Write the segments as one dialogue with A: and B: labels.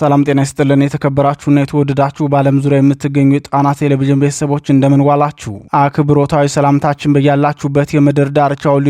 A: ሰላም ጤና ይስጥልን። የተከበራችሁና የተወደዳችሁ በዓለም ዙሪያ የምትገኙ የጣና ቴሌቪዥን ቤተሰቦች እንደምን ዋላችሁ አክብሮታዊ ሰላምታችን በያላችሁበት የምድር ዳርቻ ሁሉ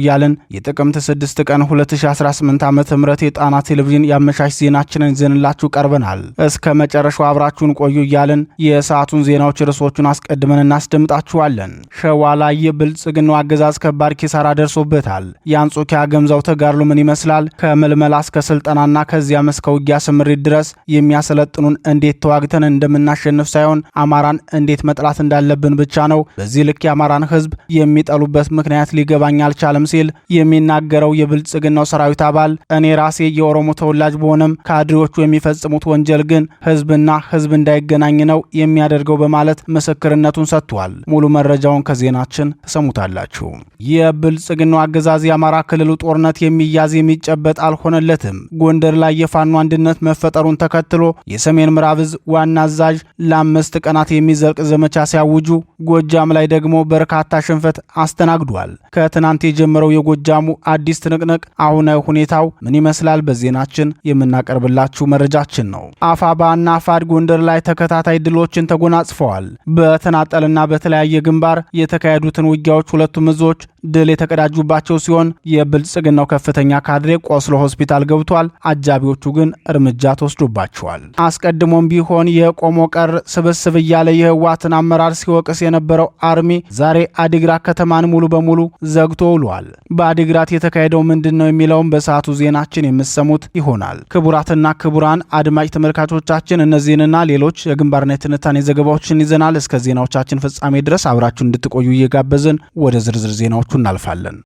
A: እያልን የጥቅምት 6 ቀን 2018 ዓ ም የጣና ቴሌቪዥን የአመሻሽ ዜናችንን ይዘንላችሁ ቀርበናል። እስከ መጨረሻው አብራችሁን ቆዩ እያልን የሰዓቱን ዜናዎች ርዕሶቹን አስቀድመን እናስደምጣችኋለን። ሸዋ ላይ የብልጽግናው አገዛዝ ከባድ ኪሳራ ደርሶበታል። የአንጾኪያ ገምዛው ተጋድሎ ምን ይመስላል? ከመልመላ እስከ ስልጠናና ከዚያም እስከ ውጊያ ስምሪት ድረስ የሚያሰለጥኑን እንዴት ተዋግተን እንደምናሸንፍ ሳይሆን አማራን እንዴት መጥላት እንዳለብን ብቻ ነው። በዚህ ልክ የአማራን ህዝብ የሚጠሉበት ምክንያት ሊገባኝ አልቻለም ሲል የሚናገረው የብልጽግናው ሰራዊት አባል እኔ ራሴ የኦሮሞ ተወላጅ በሆነም ካድሬዎቹ የሚፈጽሙት ወንጀል ግን ህዝብና ህዝብ እንዳይገናኝ ነው የሚያደርገው በማለት ምስክርነቱን ሰጥቷል። ሙሉ መረጃውን ከዜናችን ተሰሙታላችሁ። የብልጽግናው አገዛዝ የአማራ ክልሉ ጦርነት የሚያዝ የሚጨበጥ አልሆነለትም። ጎንደር ላይ የፋኖ አንድነት መፈ መፈጠሩን ተከትሎ የሰሜን ምዕራብ እዝ ዋና አዛዥ ለአምስት ቀናት የሚዘልቅ ዘመቻ ሲያውጁ፣ ጎጃም ላይ ደግሞ በርካታ ሽንፈት አስተናግዷል። ከትናንት የጀመረው የጎጃሙ አዲስ ትንቅንቅ አሁናዊ ሁኔታው ምን ይመስላል? በዜናችን የምናቀርብላችሁ መረጃችን ነው። አፋባና አፋድ ጎንደር ላይ ተከታታይ ድሎችን ተጎናጽፈዋል። በተናጠልና በተለያየ ግንባር የተካሄዱትን ውጊያዎች ሁለቱም እዞች ድል የተቀዳጁባቸው ሲሆን የብልጽግናው ከፍተኛ ካድሬ ቆስሎ ሆስፒታል ገብቷል። አጃቢዎቹ ግን እርምጃ ተወስዶባቸዋል። አስቀድሞም ቢሆን የቆሞ ቀር ስብስብ እያለ የህወሓትን አመራር ሲወቅስ የነበረው አርሚ ዛሬ አዲግራት ከተማን ሙሉ በሙሉ ዘግቶ ውሏል። በአዲግራት የተካሄደው ምንድን ነው የሚለውም በሰዓቱ ዜናችን የምሰሙት ይሆናል። ክቡራትና ክቡራን አድማጭ ተመልካቾቻችን እነዚህንና ሌሎች የግንባርና የትንታኔ ዘገባዎችን ይዘናል። እስከ ዜናዎቻችን ፍጻሜ ድረስ አብራችሁን እንድትቆዩ እየጋበዝን ወደ ዝርዝር ዜናዎቹ እናልፋለን።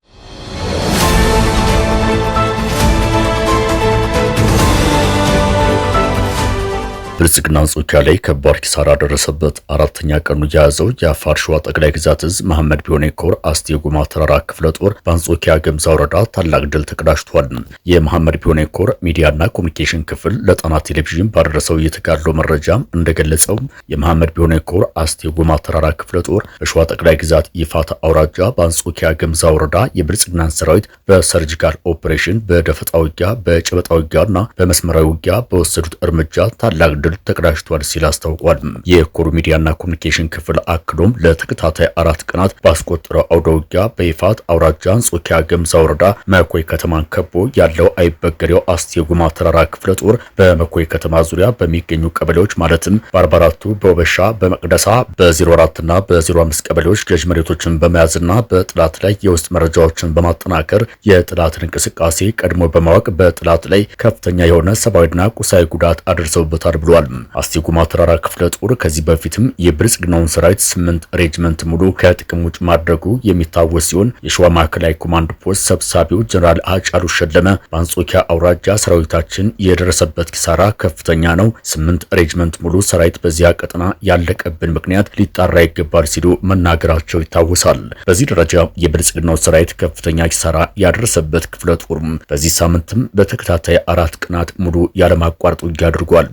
B: ብልጽግና አንጾኪያ ላይ ከባድ ኪሳራ ደረሰበት። አራተኛ ቀኑ የያዘው የአፋር ሸዋ ጠቅላይ ግዛት እዝ መሐመድ ቢሆኔ ኮር አስቴ ጉማ ተራራ ክፍለ ጦር በአንጾኪያ ገምዛ ወረዳ ታላቅ ድል ተቀዳጅቷል። የመሐመድ ቢሆኔ ኮር ሚዲያና ኮሚኒኬሽን ክፍል ለጣና ቴሌቪዥን ባደረሰው የተጋድሎ መረጃ እንደገለጸው የመሐመድ ቢሆኔ ኮር አስቴ ጉማ ተራራ ክፍለ ጦር በሸዋ ጠቅላይ ግዛት ይፋት አውራጃ በአንጾኪያ ገምዛ ወረዳ የብልጽግናን ሰራዊት በሰርጅካል ኦፕሬሽን፣ በደፈጣ ውጊያ፣ በጨበጣ ውጊያና በመስመራዊ ውጊያ በወሰዱት እርምጃ ታላቅ ድል ተቀዳጅቷል ሲል አስታውቋል። የኮር ሚዲያና ኮሚኒኬሽን ክፍል አክሎም ለተከታታይ አራት ቀናት ባስቆጠረው አውደ በይፋት አውራጃ አንጾኪያ ገምዛ ወረዳ መኮይ ከተማን ከቦ ያለው አይበገሬው አስቴጉማ ተራራ ክፍለ ጦር በመኮይ ከተማ ዙሪያ በሚገኙ ቀበሌዎች ማለትም በአርባአራቱ በወበሻ በመቅደሳ በ04 እና በ05 ቀበሌዎች ገዥ መሬቶችን በመያዝና በጥላት ላይ የውስጥ መረጃዎችን በማጠናከር የጥላትን እንቅስቃሴ ቀድሞ በማወቅ በጥላት ላይ ከፍተኛ የሆነ ሰብአዊና ቁሳዊ ጉዳት አድርሰውበታል ብሎ ተናግሯል። አስቴጉማ ተራራ ክፍለ ጦር ከዚህ በፊትም የብልጽግናውን ሰራዊት ስምንት ሬጅመንት ሙሉ ከጥቅም ውጭ ማድረጉ የሚታወስ ሲሆን የሸዋ ማዕከላዊ ኮማንድ ፖስት ሰብሳቢው ጀኔራል አጫሉ ሸለመ በአንጾኪያ አውራጃ ሰራዊታችን የደረሰበት ኪሳራ ከፍተኛ ነው፣ ስምንት ሬጅመንት ሙሉ ሰራዊት በዚያ ቀጠና ያለቀብን ምክንያት ሊጣራ ይገባል ሲሉ መናገራቸው ይታወሳል። በዚህ ደረጃ የብልጽግናው ሰራዊት ከፍተኛ ኪሳራ ያደረሰበት ክፍለ ጦርም በዚህ ሳምንትም በተከታታይ አራት ቀናት ሙሉ ያለማቋረጥ ውጊያ አድርጓል።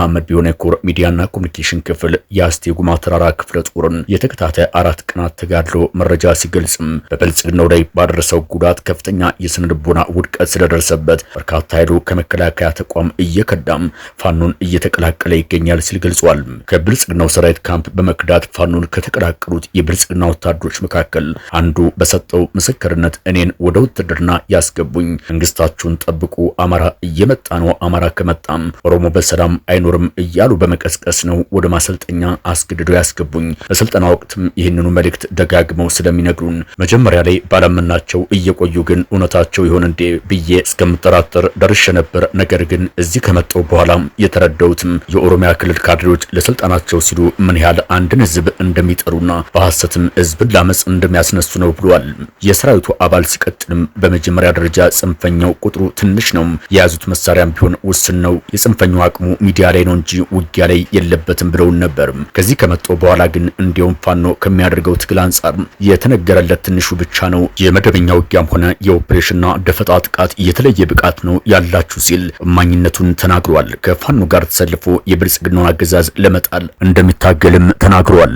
B: መሐመድ ቢሆነ ኮር ሚዲያና ኮሚኒኬሽን ክፍል የአስቴ ጉማ ተራራ ክፍለ ጦርን የተከታተ አራት ቀናት ተጋድሎ መረጃ ሲገልጽም በብልጽግናው ላይ ባደረሰው ጉዳት ከፍተኛ የስነ ልቦና ውድቀት ስለደረሰበት በርካታ ኃይሉ ከመከላከያ ተቋም እየከዳም ፋኖን እየተቀላቀለ ይገኛል ሲል ገልጿል። ከብልጽግናው ሰራዊት ካምፕ በመክዳት ፋኖን ከተቀላቀሉት የብልጽግና ወታደሮች መካከል አንዱ በሰጠው ምስክርነት እኔን ወደ ውትድርና ያስገቡኝ፣ መንግስታችሁን ጠብቁ፣ አማራ እየመጣ ነው፣ አማራ ከመጣም ኦሮሞ በሰላም አይኖ አይኖርም እያሉ በመቀስቀስ ነው ወደ ማሰልጠኛ አስገድደው ያስገቡኝ። በስልጠና ወቅትም ይህንኑ መልእክት ደጋግመው ስለሚነግሩን መጀመሪያ ላይ ባላመናቸው እየቆዩ ግን እውነታቸው ይሆን እንዴ ብዬ እስከምጠራጠር ደርሼ ነበር። ነገር ግን እዚህ ከመጣሁ በኋላም የተረዳሁትም የኦሮሚያ ክልል ካድሬዎች ለስልጠናቸው ሲሉ ምን ያህል አንድን ህዝብ እንደሚጠሩና በሐሰትም ህዝብን ላመፅ እንደሚያስነሱ ነው ብሏል። የሰራዊቱ አባል ሲቀጥልም በመጀመሪያ ደረጃ ጽንፈኛው ቁጥሩ ትንሽ ነው፣ የያዙት መሳሪያም ቢሆን ውስን ነው። የጽንፈኛው አቅሙ ሚዲያ ላይ ጉዳይ ነው እንጂ ውጊያ ላይ የለበትም ብለውን ነበር። ከዚህ ከመጣ በኋላ ግን እንዲሁም ፋኖ ከሚያደርገው ትግል አንጻር የተነገረለት ትንሹ ብቻ ነው። የመደበኛ ውጊያም ሆነ የኦፕሬሽንና ደፈጣ ጥቃት የተለየ ብቃት ነው ያላችሁ ሲል እማኝነቱን ተናግሯል። ከፋኖ ጋር ተሰልፎ የብልጽግናውን አገዛዝ ለመጣል እንደሚታገልም ተናግሯል።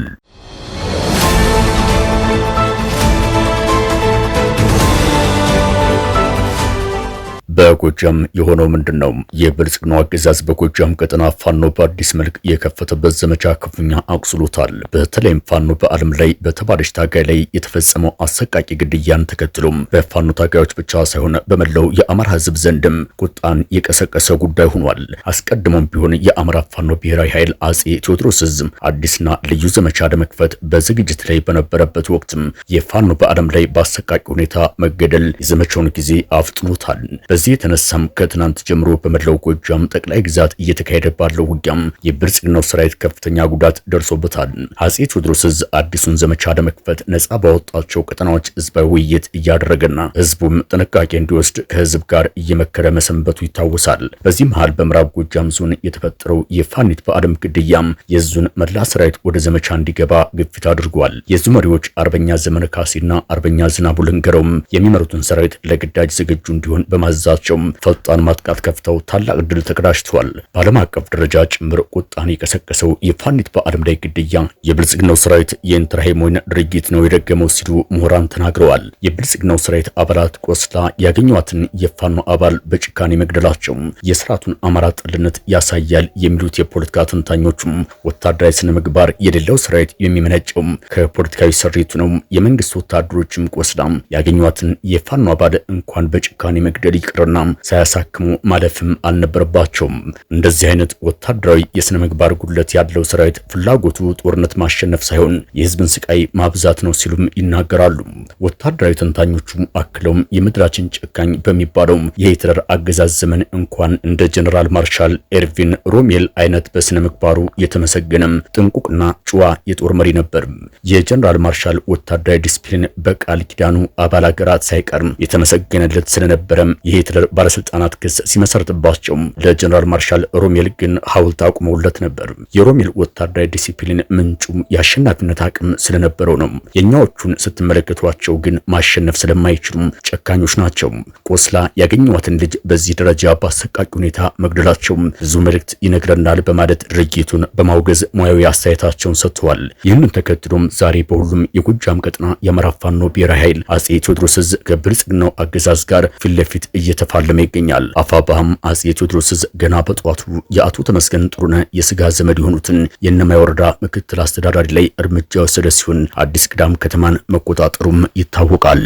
B: በጎጃም የሆነው ምንድን ነው? የብልጽግናው አገዛዝ በጎጃም ቀጠና ፋኖ በአዲስ መልክ የከፈተበት ዘመቻ ክፉኛ አቁስሎታል። በተለይም ፋኖ በዓለም ላይ በተባለች ታጋይ ላይ የተፈጸመው አሰቃቂ ግድያን ተከትሎም በፋኖ ታጋዮች ብቻ ሳይሆን በመላው የአማራ ሕዝብ ዘንድም ቁጣን የቀሰቀሰ ጉዳይ ሆኗል። አስቀድሞም ቢሆን የአማራ ፋኖ ብሔራዊ ኃይል አጼ ቴዎድሮስ ዕዝ አዲስና ልዩ ዘመቻ ለመክፈት በዝግጅት ላይ በነበረበት ወቅትም የፋኖ በዓለም ላይ በአሰቃቂ ሁኔታ መገደል የዘመቻውን ጊዜ አፍጥኖታል። ከዚህ የተነሳም ከትናንት ጀምሮ በመላው ጎጃም ጠቅላይ ግዛት እየተካሄደ ባለው ውጊያም የብልጽግናው ሰራዊት ከፍተኛ ጉዳት ደርሶበታል። አጼ ቴዎድሮስ እዝ አዲሱን ዘመቻ ለመክፈት ነጻ ባወጣቸው ቀጠናዎች ህዝባዊ ውይይት እያደረገና ህዝቡም ጥንቃቄ እንዲወስድ ከህዝብ ጋር እየመከረ መሰንበቱ ይታወሳል። በዚህ መሃል በምዕራብ ጎጃም ዞን የተፈጠረው የፋኒት በአለም ግድያም የዙን መላ ሰራዊት ወደ ዘመቻ እንዲገባ ግፊት አድርጓል። የዙ መሪዎች አርበኛ ዘመነ ካሴና አርበኛ ዝናቡ ልንገረውም የሚመሩትን ሰራዊት ለግዳጅ ዝግጁ እንዲሆን በማዛ በመያዛቸው ፈጣን ማጥቃት ከፍተው ታላቅ ድል ተቀዳጅተዋል። በዓለም አቀፍ ደረጃ ጭምር ቁጣን የቀሰቀሰው የፋኒት በዓለም ላይ ግድያ የብልጽግናው ሰራዊት የኢንተርሄሞን ድርጊት ነው የደገመው ሲሉ ምሁራን ተናግረዋል። የብልጽግናው ሰራዊት አባላት ቆስላ ያገኟትን የፋኖ አባል በጭካኔ መግደላቸው የስርዓቱን አማራ ጠልነት ያሳያል የሚሉት የፖለቲካ ተንታኞቹም ወታደራዊ ስነ ምግባር የሌለው ሰራዊት የሚመነጨው ከፖለቲካዊ ስሪቱ ነው። የመንግስት ወታደሮችም ቆስላ ያገኟትን የፋኖ አባል እንኳን በጭካኔ መግደል ይቅር መሆናቸውና ሳያሳክሙ ማለፍም አልነበረባቸውም። እንደዚህ አይነት ወታደራዊ የስነ ምግባር ጉድለት ያለው ሰራዊት ፍላጎቱ ጦርነት ማሸነፍ ሳይሆን የህዝብን ስቃይ ማብዛት ነው ሲሉም ይናገራሉ። ወታደራዊ ተንታኞቹ አክለውም የምድራችን ጨካኝ በሚባለው የሂትለር አገዛዝ ዘመን እንኳን እንደ ጀነራል ማርሻል ኤርቪን ሮሜል አይነት በስነ ምግባሩ የተመሰገነም ጥንቁቅና ጭዋ የጦር መሪ ነበር። የጀነራል ማርሻል ወታደራዊ ዲስፕሊን በቃል ኪዳኑ አባል ሀገራት ሳይቀርም የተመሰገነለት ስለነበረም የሂትለር የወታደር ባለስልጣናት ክስ ሲመሰርትባቸው ለጀነራል ማርሻል ሮሜል ግን ሐውልት አቁመውለት ነበር። የሮሜል ወታደራዊ ዲሲፕሊን ምንጩም የአሸናፊነት አቅም ስለነበረው ነው። የእኛዎቹን ስትመለከቷቸው ግን ማሸነፍ ስለማይችሉም ጨካኞች ናቸው። ቆስላ ያገኘዋትን ልጅ በዚህ ደረጃ በአሰቃቂ ሁኔታ መግደላቸው ብዙ መልእክት ይነግረናል በማለት ድርጊቱን በማውገዝ ሙያዊ አስተያየታቸውን ሰጥተዋል። ይህንን ተከትሎም ዛሬ በሁሉም የጎጃም ቀጠና የአማራ ፋኖ ብሔራዊ ኃይል አጼ ቴዎድሮስ ዕዝ ከብልጽግናው አገዛዝ ጋር ፊት ለፊት እየተ እየተፋለመ ይገኛል። አፋባህም አጼ ቴዎድሮስ ገና በጠዋቱ የአቶ ተመስገን ጥሩነ የስጋ ዘመድ የሆኑትን የእነማይ ወረዳ ምክትል አስተዳዳሪ ላይ እርምጃ የወሰደ ሲሆን አዲስ ቅዳም ከተማን መቆጣጠሩም ይታወቃል።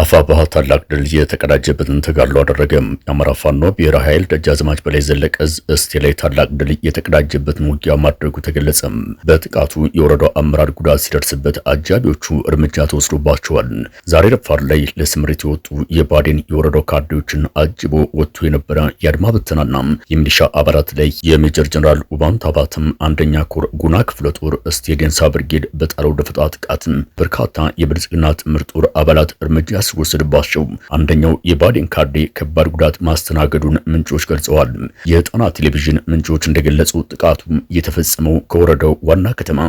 B: አፋባህ ታላቅ ድል የተቀዳጀበትን ተጋድሎ አደረገ። የአማራ ፋኖ ብሔራዊ ኃይል ደጃዝማች በላይ ዘለቀ ዕዝ እስቴ ላይ ታላቅ ድል የተቀዳጀበትን ውጊያ ማድረጉ ተገለጸ። በጥቃቱ የወረዳው አመራር ጉዳት ሲደርስበት አጃቢዎቹ እርምጃ ተወስዶባቸዋል። ዛሬ ረፋድ ላይ ለስምሪት የወጡ የባዴን የወረዳው ካድሬዎችን አጅቦ ወጥቶ የነበረ የአድማ ብተናና የሚሊሻ አባላት ላይ የሜጀር ጀነራል ኡባን ታባትም አንደኛ ኮር ጉና ክፍለ ጦር እስቴ ደንሳ ብርጌድ በጣለው ደፈጣ ጥቃት በርካታ የብልጽግና ጥምር ጦር አባላት እርምጃ ሲወሰድባቸው አንደኛው የባዴን ካርዴ ከባድ ጉዳት ማስተናገዱን ምንጮች ገልጸዋል። የጣና ቴሌቪዥን ምንጮች እንደገለጹ ጥቃቱም የተፈጸመው ከወረዳው ዋና ከተማ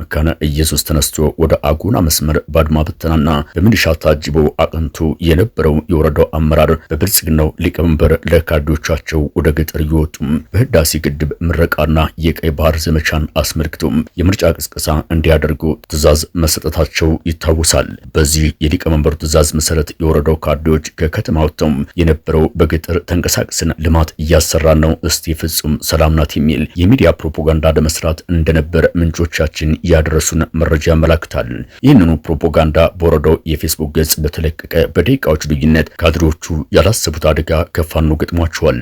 B: መካነ ኢየሱስ ተነስቶ ወደ አጎና መስመር ባድማ ብተናና በሚሊሻ ታጅቦ አቅንቶ የነበረው የወረዳው አመራር በብልጽግናው ሊቀመንበር ለካርዶቻቸው ወደ ገጠር እየወጡም በህዳሴ ግድብ ምረቃና የቀይ ባህር ዘመቻን አስመልክቶም የምርጫ ቅስቀሳ እንዲያደርጉ ትዕዛዝ መሰጠታቸው ይታወሳል። በዚህ የሊቀመንበሩ ትዕዛዝ መሰረት የወረዳው ካድሬዎች ከከተማ ወጥተው የነበረው በገጠር ተንቀሳቅሰን ልማት እያሰራን ነው እስቲ ፍጹም ሰላም ናት የሚል የሚዲያ ፕሮፓጋንዳ ለመስራት እንደነበር ምንጮቻችን ያደረሱን መረጃ ያመላክታል። ይህንኑ ፕሮፓጋንዳ በወረዳው የፌስቡክ ገጽ በተለቀቀ በደቂቃዎች ልዩነት ካድሬዎቹ ያላሰቡት አደጋ ከፋኖ ገጥሟቸዋል።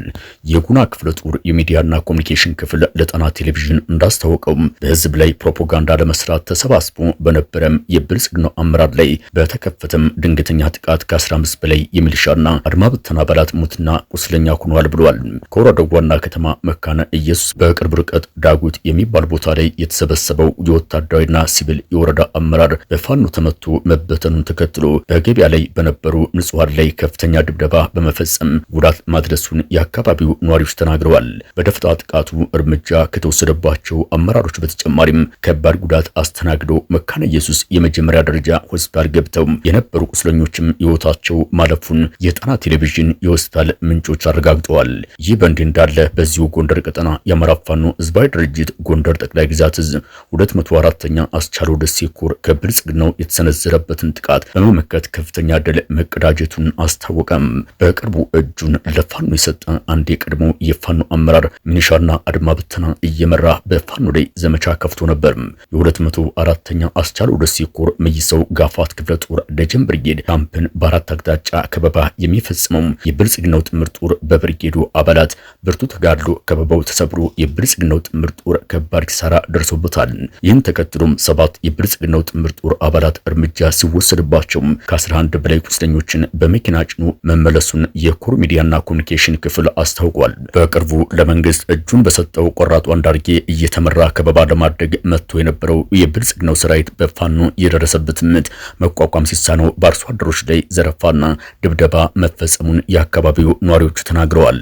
B: የጉና ክፍለ ጦር የሚዲያና ኮሚኒኬሽን ክፍል ለጣና ቴሌቪዥን እንዳስታወቀው በህዝብ ላይ ፕሮፓጋንዳ ለመስራት ተሰባስቦ በነበረም የብልጽግናው አመራር ላይ በተከፈተም ድንገተኛ ጥቃት ከ15 በላይ የሚሊሻና አድማ ብተና አባላት ሙትና ቁስለኛ ሆኗል ብለዋል። ከወረዳው ዋና ከተማ መካነ ኢየሱስ በቅርብ ርቀት ዳጉት የሚባል ቦታ ላይ የተሰበሰበው የወታደራዊና ሲቪል የወረዳ አመራር በፋኖ ተመቶ መበተኑን ተከትሎ በገበያ ላይ በነበሩ ንጹሐን ላይ ከፍተኛ ድብደባ በመፈጸም ጉዳት ማድረሱን የአካባቢው ነዋሪዎች ተናግረዋል። በደፈጣ ጥቃቱ እርምጃ ከተወሰደባቸው አመራሮች በተጨማሪም ከባድ ጉዳት አስተናግዶ መካነ ኢየሱስ የመጀመሪያ ደረጃ ሆስፒታል ገብተው የነበሩ ቁስለኞች ሰዎችም ሕይወታቸው ማለፉን የጣና ቴሌቪዥን የሆስፒታል ምንጮች አረጋግጠዋል። ይህ በእንዲህ እንዳለ በዚሁ ጎንደር ቀጠና የአማራ ፋኖ ህዝባዊ ድርጅት ጎንደር ጠቅላይ ግዛት እዝ 204ኛ አስቻለው ደሴ ኮር ከብልጽግናው የተሰነዘረበትን ጥቃት በመመከት ከፍተኛ ድል መቀዳጀቱን አስታወቀም። በቅርቡ እጁን ለፋኖ የሰጠ አንድ የቀድሞ የፋኖ አመራር ሚኒሻና አድማ ብተና እየመራ በፋኖ ላይ ዘመቻ ከፍቶ ነበር። የ204ኛ አስቻለው ደሴ ኮር መይሰው ጋፋት ክፍለ ጦር ደጀን ብርጌድ ካምፕን በአራት አቅጣጫ ከበባ የሚፈጽመው የብልጽግናው ጥምር ጦር በብርጌዱ አባላት ብርቱ ተጋድሎ ከበባው ተሰብሮ የብልጽግናው ጥምር ጦር ከባድ ኪሳራ ደርሶበታል። ይህን ተከትሎም ሰባት የብልጽግናው ጥምር ጦር አባላት እርምጃ ሲወሰድባቸው ከ11 በላይ ቁስለኞችን በመኪና ጭኖ መመለሱን የኮር ሚዲያና ኮሚኒኬሽን ክፍል አስታውቋል። በቅርቡ ለመንግስት እጁን በሰጠው ቆራጡ አንዳርጌ እየተመራ ከበባ ለማድረግ መጥቶ የነበረው የብልጽግናው ሰራዊት በፋኖ የደረሰበት ምት መቋቋም ሲሳነው በአርሶ አደሮች ላይ ዘረፋና ድብደባ መፈጸሙን የአካባቢው ነዋሪዎቹ ተናግረዋል።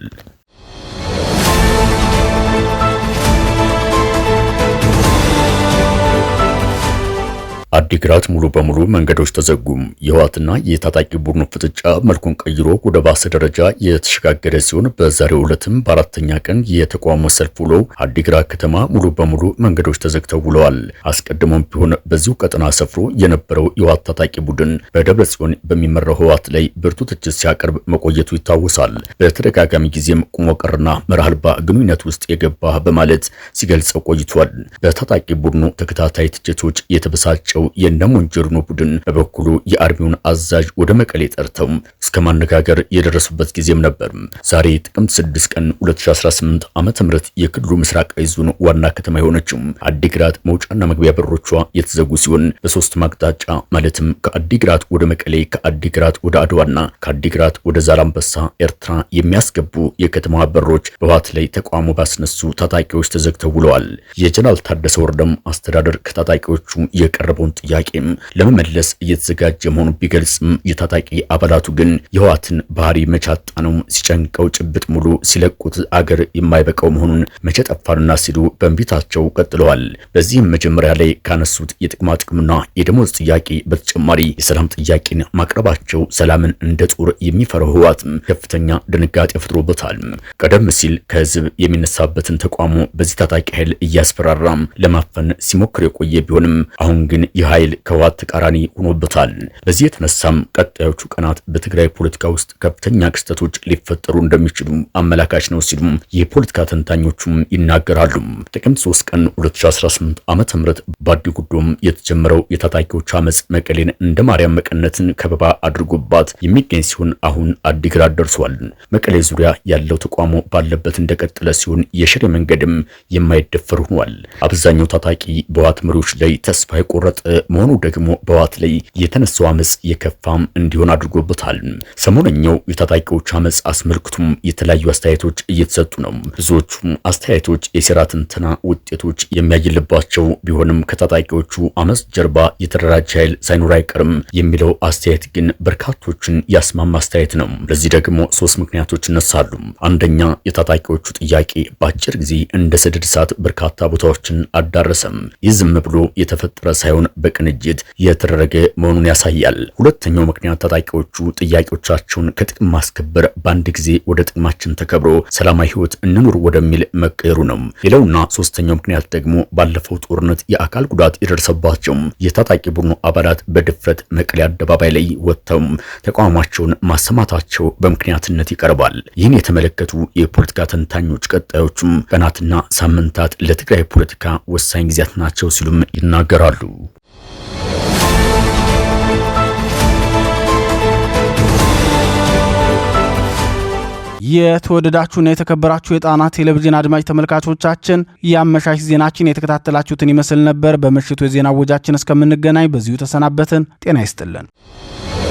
B: አዲግራት ሙሉ በሙሉ መንገዶች ተዘጉም። የህወሓትና የታጣቂ ቡድኑ ፍጥጫ መልኩን ቀይሮ ወደ ባሰ ደረጃ የተሸጋገረ ሲሆን በዛሬው ዕለትም በአራተኛ ቀን የተቋሙ ሰልፍ ውሎ አዲግራት ከተማ ሙሉ በሙሉ መንገዶች ተዘግተው ውለዋል። አስቀድሞም ቢሆን በዚሁ ቀጠና ሰፍሮ የነበረው የህወሓት ታጣቂ ቡድን በደብረ ጽዮን በሚመራው ህወሓት ላይ ብርቱ ትችት ሲያቀርብ መቆየቱ ይታወሳል። በተደጋጋሚ ጊዜም ቁሞ ቀርና መርህ አልባ ግንኙነት ውስጥ የገባ በማለት ሲገልጸው ቆይቷል። በታጣቂ ቡድኑ ተከታታይ ትችቶች የተበሳጨው የነበረው የእነሞንጀሪኖ ቡድን በበኩሉ የአርሚውን አዛዥ ወደ መቀሌ ጠርተው እስከ ማነጋገር የደረሱበት ጊዜም ነበር። ዛሬ ጥቅምት 6 ቀን 2018 ዓመተ ምህረት የክልሉ ምስራቅ ዞን ዋና ከተማ የሆነችው አዲግራት መውጫና መግቢያ በሮቿ የተዘጉ ሲሆን በሶስት ማቅጣጫ ማለትም ከአዲግራት ወደ መቀሌ፣ ከአዲግራት ወደ አድዋና ከአዲግራት ወደ ዛላምበሳ ኤርትራ የሚያስገቡ የከተማዋ በሮች በዋት ላይ ተቋሙ ባስነሱ ታጣቂዎች ተዘግተው ውለዋል። የጀነራል ታደሰ ወረደም አስተዳደር ከታጣቂዎቹ የቀረበውን የቀረበውን ጥያቄም ለመመለስ እየተዘጋጀ መሆኑ ቢገልጽም የታጣቂ አባላቱ ግን የህዋትን ባህሪ መቻጣ ነው ሲጨንቀው ጭብጥ ሙሉ ሲለቁት አገር የማይበቃው መሆኑን መቼ ጠፋንና ሲሉ በእንቢታቸው ቀጥለዋል። በዚህም መጀመሪያ ላይ ካነሱት የጥቅማ ጥቅምና የደሞዝ ጥያቄ በተጨማሪ የሰላም ጥያቄን ማቅረባቸው ሰላምን እንደ ጦር የሚፈራው ህዋትም ከፍተኛ ድንጋጤ ፈጥሮበታል። ቀደም ሲል ከህዝብ የሚነሳበትን ተቋሙ በዚህ ታጣቂ ኃይል እያስፈራራም ለማፈን ሲሞክር የቆየ ቢሆንም አሁን ግን ይህ ኃይል ከህወሓት ተቃራኒ ሆኖበታል። በዚህ የተነሳም ቀጣዮቹ ቀናት በትግራይ ፖለቲካ ውስጥ ከፍተኛ ክስተቶች ሊፈጠሩ እንደሚችሉ አመላካች ነው ሲሉ የፖለቲካ ተንታኞቹም ይናገራሉ። ጥቅምት 3 ቀን 2018 ዓ.ም በአዲ ጉዶም የተጀመረው የታጣቂዎች አመፅ መቀሌን እንደ ማርያም መቀነትን ከበባ አድርጎባት የሚገኝ ሲሆን አሁን አዲግራት ደርሷል። መቀሌ ዙሪያ ያለው ተቋሙ ባለበት እንደቀጠለ ሲሆን የሽሬ መንገድም የማይደፈር ሆኗል። አብዛኛው ታጣቂ በህወሓት መሪዎች ላይ ተስፋ የቆረጠ መሆኑ ደግሞ በዋት ላይ የተነሳው አመፅ የከፋም እንዲሆን አድርጎበታል። ሰሞነኛው የታጣቂዎች አመፅ አስመልክቱም የተለያዩ አስተያየቶች እየተሰጡ ነው። ብዙዎቹም አስተያየቶች የሴራ ትንተና ውጤቶች የሚያይልባቸው ቢሆንም ከታጣቂዎቹ አመፅ ጀርባ የተደራጀ ኃይል ሳይኖር አይቀርም የሚለው አስተያየት ግን በርካቶችን ያስማማ አስተያየት ነው። ለዚህ ደግሞ ሶስት ምክንያቶች ይነሳሉ። አንደኛ የታጣቂዎቹ ጥያቄ በአጭር ጊዜ እንደ ሰደድ እሳት በርካታ ቦታዎችን አዳረሰም። ይህ ዝም ብሎ የተፈጠረ ሳይሆን በቅንጅት የተደረገ መሆኑን ያሳያል። ሁለተኛው ምክንያት ታጣቂዎቹ ጥያቄዎቻቸውን ከጥቅም ማስከበር በአንድ ጊዜ ወደ ጥቅማችን ተከብሮ ሰላማዊ ሕይወት እንኑር ወደሚል መቀየሩ ነው። ሌላውና ሶስተኛው ምክንያት ደግሞ ባለፈው ጦርነት የአካል ጉዳት የደረሰባቸው የታጣቂ ቡድኑ አባላት በድፍረት መቀሌ አደባባይ ላይ ወጥተው ተቃውሟቸውን ማሰማታቸው በምክንያትነት ይቀርባል። ይህን የተመለከቱ የፖለቲካ ተንታኞች ቀጣዮቹም ቀናትና ሳምንታት ለትግራይ ፖለቲካ ወሳኝ ጊዜያት ናቸው ሲሉም ይናገራሉ።
A: የተወደዳችሁና የተከበራችሁ የጣና ቴሌቪዥን አድማጭ ተመልካቾቻችን የአመሻሽ ዜናችን የተከታተላችሁትን ይመስል ነበር። በምሽቱ የዜና ወጃችን እስከምንገናኝ በዚሁ ተሰናበትን። ጤና ይስጥልን።